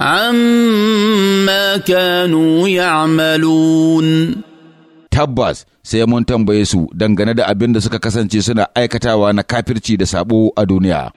عما كانوا يعملون tabbas sai mun tambaye su dangane da abin da suka kasance suna aikatawa na kafirci da sabo a duniya